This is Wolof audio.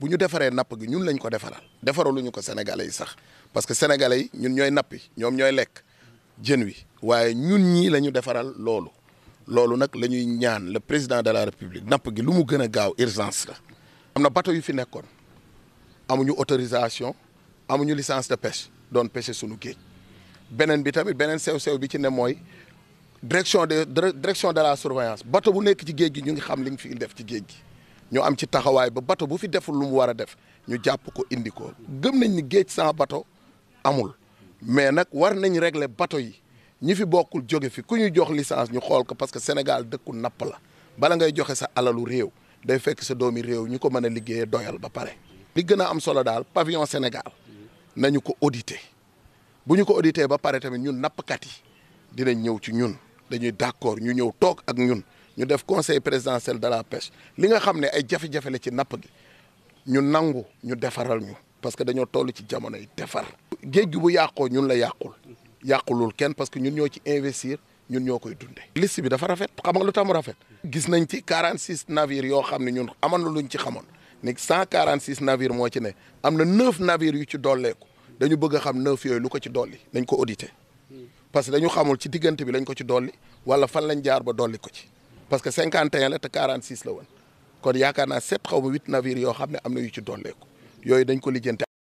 bu ñu defaree napp gi ñun lañ ko defaral ñu ko sénégalais yi sax parce que sénégalais yi ñun ñooy nappi ñoom ñooy lekk jën wi waaye ñun ñii la ñu defaral loolu loolu nag la ñuy ñaan le président de la république napp gi lu mu gën a gaaw urgence la. am na bateau yu fi nekkoon amuñu autorisation amuñu licence de pêche doon pêche sunu géej beneen bi tamit beneen sew-sew bi ci ne mooy direction de direction de la surveillance bateau bu nekk ci géej gi ñu ngi xam li nga fi def ci géej gi. ñu am ci taxawaay ba bato bu fi deful lu mu war a def ñu jàpp ko indi ko gëm nañ ni géej sans bato amul mais nag war nañ régler bato yi ñu fi bokkul jóge fi ku ñu jox licence ñu xool ko parce que Sénégal dëkku napp la bala ngay joxe sa alalu réew day fekk sa doomi réew ñu ko mën a liggéeyee doyal ba pare. li gën a am solo daal pavillon Sénégal nañu ko auditer bu ñu ko auditer ba pare tamit ñun nappkat yi dinañ ñëw ci ñun dañuy d'accord ñu ñëw toog ak ñun. ñu def conseil présidentiel de la pêche li nga xam ne ay jafe-jafe la ci napp gi ñu nangu ñu defaral ñu parce que dañoo toll ci jamono yi defar. géej gi bu yàqoo ñun la yàqul yàqulul kenn parce que ñun ñoo ci investir ñun ñoo koy dunde liste bi dafa rafet xam nga lu tax mu rafet. gis nañ ci 46 navires yoo xam ne ñun amoon lu ñu ci xamoon ne 146 navires moo ci ne am na 9 navires yu ci dollee ko dañu bëgg a xam 9 yooyu lu ko ci dolli nañ ko auditer parce qu dañu xamul ci diggante bi lañ ko ci dolli wala fan lañ jaar ba dolli ko ci. parce que 51 la te 46 la woon kon yaakaar naa sept xaw ma huit navires yoo xam ne am na yu ci yooyu dañ ko lijjanti